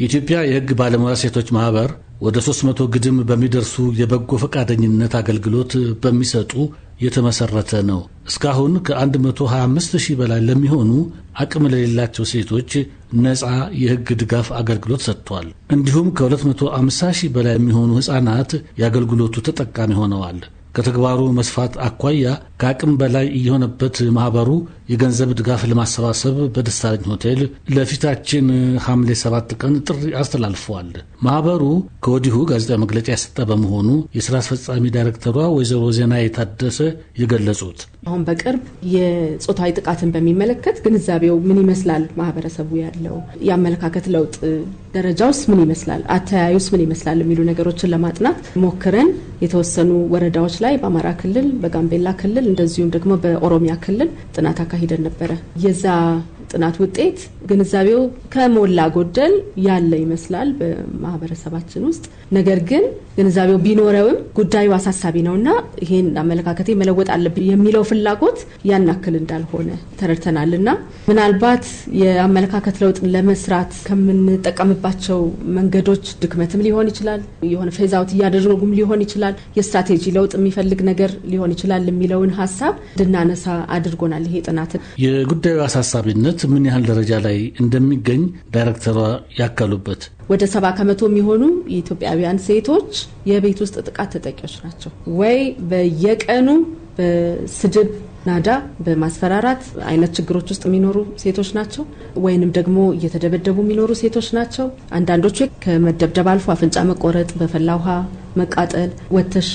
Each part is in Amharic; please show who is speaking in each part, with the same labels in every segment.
Speaker 1: የኢትዮጵያ የሕግ ባለሙያ ሴቶች ማህበር ወደ 300 ግድም በሚደርሱ የበጎ ፈቃደኝነት አገልግሎት በሚሰጡ የተመሰረተ ነው። እስካሁን ከ125 ሺህ በላይ ለሚሆኑ አቅም ለሌላቸው ሴቶች ነፃ የሕግ ድጋፍ አገልግሎት ሰጥቷል። እንዲሁም ከ250 ሺህ በላይ የሚሆኑ ሕፃናት የአገልግሎቱ ተጠቃሚ ሆነዋል። ከተግባሩ መስፋት አኳያ ከአቅም በላይ እየሆነበት ማኅበሩ የገንዘብ ድጋፍ ለማሰባሰብ በደሳለኝ ሆቴል ለፊታችን ሐምሌ 7 ቀን ጥሪ አስተላልፈዋል። ማህበሩ ከወዲሁ ጋዜጣዊ መግለጫ የሰጠ በመሆኑ የስራ አስፈጻሚ ዳይሬክተሯ ወይዘሮ ዜና የታደሰ የገለጹት
Speaker 2: አሁን በቅርብ የጾታዊ ጥቃትን በሚመለከት ግንዛቤው ምን ይመስላል፣ ማህበረሰቡ ያለው የአመለካከት ለውጥ ደረጃውስ ምን ይመስላል፣ አተያዩስ ምን ይመስላል የሚሉ ነገሮችን ለማጥናት ሞክረን የተወሰኑ ወረዳዎች ላይ በአማራ ክልል፣ በጋምቤላ ክልል እንደዚሁም ደግሞ በኦሮሚያ ክልል ጥናት አካ አካሂደን ነበረ። የዛ ጥናት ውጤት ግንዛቤው ከሞላ ጎደል ያለ ይመስላል በማህበረሰባችን ውስጥ። ነገር ግን ግንዛቤው ቢኖረውም ጉዳዩ አሳሳቢ ነውና ይሄን አመለካከቴ መለወጥ አለብ የሚለው ፍላጎት ያናክል ያክል እንዳልሆነ ተረድተናል እና ምናልባት የአመለካከት ለውጥ ለመስራት ከምንጠቀምባቸው መንገዶች ድክመትም ሊሆን ይችላል፣ የሆነ ፌዛውት እያደረጉም ሊሆን ይችላል፣ የስትራቴጂ ለውጥ የሚፈልግ ነገር ሊሆን ይችላል የሚለውን ሀሳብ እንድናነሳ አድርጎናል ይሄ ጥናትን
Speaker 1: የጉዳዩ አሳሳቢነት ግጭት ምን ያህል ደረጃ ላይ እንደሚገኝ ዳይሬክተሯ ያከሉበት
Speaker 2: ወደ ሰባ ከመቶ የሚሆኑ የኢትዮጵያውያን ሴቶች የቤት ውስጥ ጥቃት ተጠቂዎች ናቸው ወይ በየቀኑ በስድብ ናዳ በማስፈራራት አይነት ችግሮች ውስጥ የሚኖሩ ሴቶች ናቸው፣ ወይንም ደግሞ እየተደበደቡ የሚኖሩ ሴቶች ናቸው። አንዳንዶቹ ከመደብደብ አልፎ አፍንጫ መቆረጥ፣ በፈላ ውሃ መቃጠል፣ ወተሽ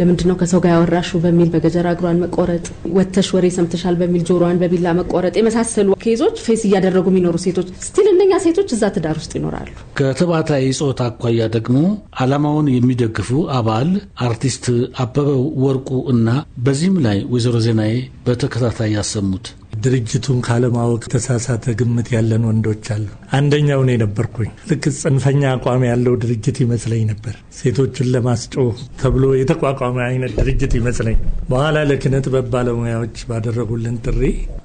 Speaker 2: ለምንድን ነው ከሰው ጋር ያወራሹ በሚል በገጀራ እግሯን መቆረጥ፣ ወተሽ ወሬ ሰምተሻል በሚል ጆሮዋን በቢላ መቆረጥ የመሳሰሉ ኬዞች ፌስ እያደረጉ የሚኖሩ ሴቶች ስቲል እነኛ ሴቶች እዛ ትዳር ውስጥ ይኖራሉ።
Speaker 1: ከተባታይ ጾታ አኳያ ደግሞ አላማውን የሚደግፉ አባል አርቲስት አበበ ወርቁ እና በዚህም ላይ ወይዘሮ ዜናዬ በተከታታይ ያሰሙት
Speaker 3: ድርጅቱን ካለማወቅ ተሳሳተ ግምት ያለን ወንዶች አሉ። አንደኛው እኔ ነበርኩኝ። ልክ ጽንፈኛ አቋም ያለው ድርጅት ይመስለኝ ነበር። ሴቶችን ለማስጮህ ተብሎ የተቋቋመ አይነት ድርጅት ይመስለኝ። በኋላ ለኪነ ጥበብ ባለሙያዎች ባደረጉልን ጥሪ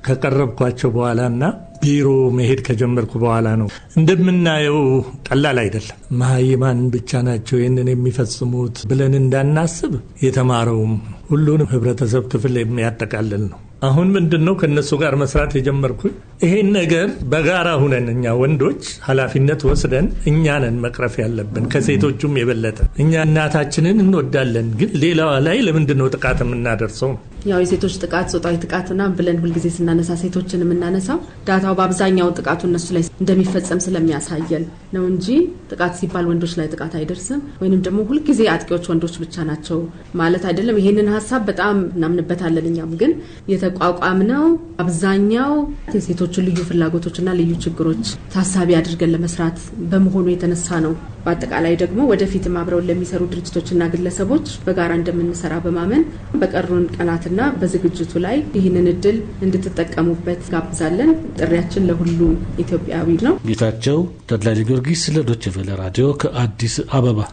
Speaker 3: ከቀረብኳቸው በኋላና ቢሮ መሄድ ከጀመርኩ በኋላ ነው። እንደምናየው ቀላል አይደለም። መሀይማን ብቻ ናቸው ይህንን የሚፈጽሙት ብለን እንዳናስብ የተማረውም ሁሉንም ህብረተሰብ ክፍል የሚያጠቃልል ነው። አሁን ምንድን ነው ከእነሱ ጋር መስራት የጀመርኩኝ ይሄን ነገር በጋራ ሁነን እኛ ወንዶች ኃላፊነት ወስደን እኛ ነን መቅረፍ ያለብን ከሴቶቹም የበለጠ እኛ እናታችንን እንወዳለን፣ ግን ሌላዋ ላይ ለምንድን ነው ጥቃት የምናደርሰው?
Speaker 2: ያው የሴቶች ጥቃት፣ ጾታዊ ጥቃትና ብለን ሁልጊዜ ስናነሳ ሴቶችን የምናነሳው ዳታው በአብዛኛው ጥቃቱ እነሱ ላይ እንደሚፈጸም ስለሚያሳየን ነው እንጂ ጥቃት ሲባል ወንዶች ላይ ጥቃት አይደርስም ወይንም ደግሞ ሁልጊዜ አጥቂዎች ወንዶች ብቻ ናቸው ማለት አይደለም። ይሄንን ሀሳብ በጣም እናምንበታለን። እኛም ግን የተቋቋም ነው አብዛኛው የሴቶችን ልዩ ፍላጎቶችና ልዩ ችግሮች ታሳቢ አድርገን ለመስራት በመሆኑ የተነሳ ነው። በአጠቃላይ ደግሞ ወደፊትም አብረውን ለሚሰሩ ድርጅቶችና ግለሰቦች በጋራ እንደምንሰራ በማመን በቀሩን ቀናትና እና በዝግጅቱ ላይ ይህንን እድል እንድትጠቀሙበት ጋብዛለን። ጥሪያችን ለሁሉም ኢትዮጵያዊ ነው።
Speaker 1: ጌታቸው ተድላ ጊዮርጊስ ለዶይቼ ቬለ ራዲዮ ከአዲስ አበባ